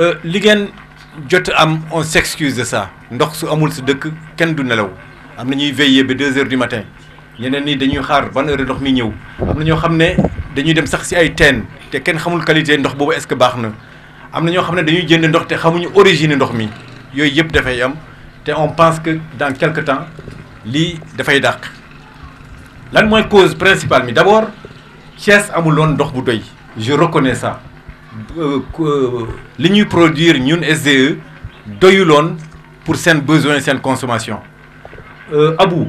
Euh, li ngeen jot am on s'excuse de ça ndox su amul si dëkk kenn du nelaw am na ñuy veiller ba deux heures du matin ñeneen ñi dañuy xaar ban heure ndox mi ñëw am na ñoo xam ne dañuy dem sax si ay ten te kenn xamul qualité ndox boobu est-ce que baax na am na ñoo xam ne dañuy jënd ndox te xamuñu origine ndox mi yooyu yëpp dafay am te on pense que dans quelque temps lii dafay dàq lan mooy cause principale mi d'abord Thiès amul woon ndox bu doy je reconnais ça Euh, euh, li ñuy produire ñun SDE doyuloon pour seen besoin seen consommation euh, Abou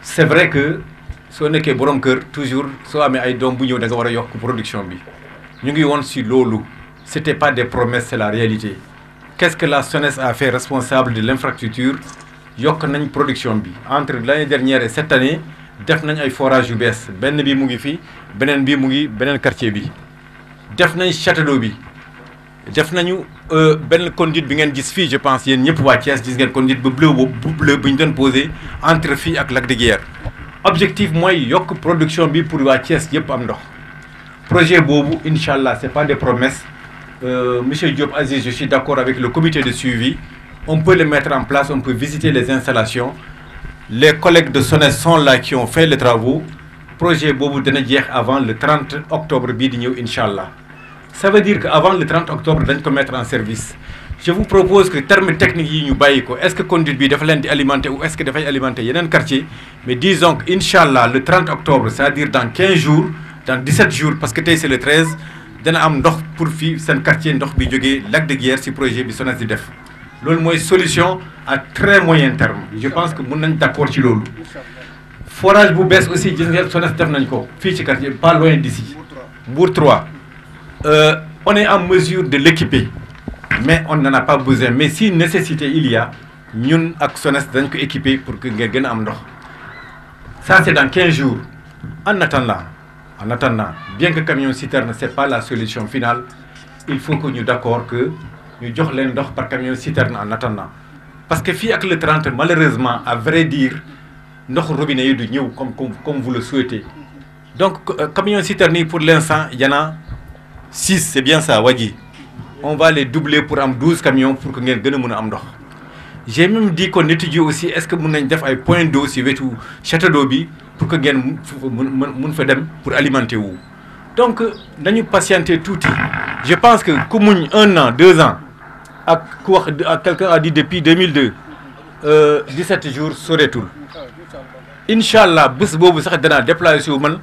c'est vrai que soo nekkee borom kër toujours soo amee ay doom bu ñëw da war a yokk production bi ñu ngi woon si loolu c'était pas des promesses c'est la réalité qu'est-ce que la SONES a fait responsable de l'infrastructure yokk nañ production bi entre l'année dernière et cette année def nañ ay forages yu bees benn bi mu ngi fii beneen bi mu ngi beneen quartier bi def nañ château bi def nañu euh, benn conduite bi ngeen gis fii je pense yéen ñëpp waa Thiès gis ngeen conduite bu bleu bu bleu bu ñu doon posé entre fii ak Lac de Guiers objectif mooy yokk production bi pour waa Thiès yëpp am ndox projet boobu incha allah c'est pas des promesses euh, monsieur Diop Aziz je suis d'accord avec le comité de suivi on peut le mettre en place on peut visiter les installations les collègues de SONES son la qui ont fait les travaux projet boobu dana jeex avant le 30 octobre bii di ñëw incha allah ça veut dire que avant le 30 octobre dañ ko mettre en service je vous propose que termes techniques yi ñu bàyyi ko est-ce que conduite bi dafa leen di alimenter ou est-ce que dafay alimenter yeneen quartier mais disons que incha allah le 30 octobre c'est-à-dire dans 15 jours dans 17 jours parce que tey c'est le 13 dana am ndox pour fi seen quartier ndox bi jógee lac de Guiers ci projet bi SONES di def loolu mooy solution à très moyen terme je pense que mën nañ d'accord ci loolu forage bu bees aussi gis ngeen SONES def nañ ko fii ci quartier pas loin d'ici Mbour 3 euh, on est en mesure de l'équiper mais on na na pas besoin mais si nécessité il ñun ak SONES dañ ko équiper pour que nga gën a am ndox ça c'est dans 15 jours en attendant en attendant bien que camion citerne c'est pas la solution finale il faut que ñu d'accord que ñu jox leen ndox par camion citerne en attendant parce que fii ak le 30 malheureusement à vrai dire ndox robinet yi du ñëw comme comme vous le souhaitez donc euh, camion citerne yi pour l'instant y en a six c'est bien sa waa ji on va les doubler pour am douze camions pour que ngeen gën a mën a am ndox j'ai même dit qu'on étudie aussi est-ce que mën nañ def ay point d'eau si wetu château d'eau bi pour que ngeen mën mën fa dem pour alimenter wu donc nañu patienter tuuti je pense que ku muñ un an deux ans ak ku wax a dit depuis 2002 17 euh, jours soreetul incha allah bés boobu sax danaa déplacé si wu man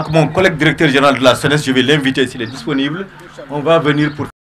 ak mon collègue directeur général de la SONES je vais l'inviter s'il est disponible on va venir pour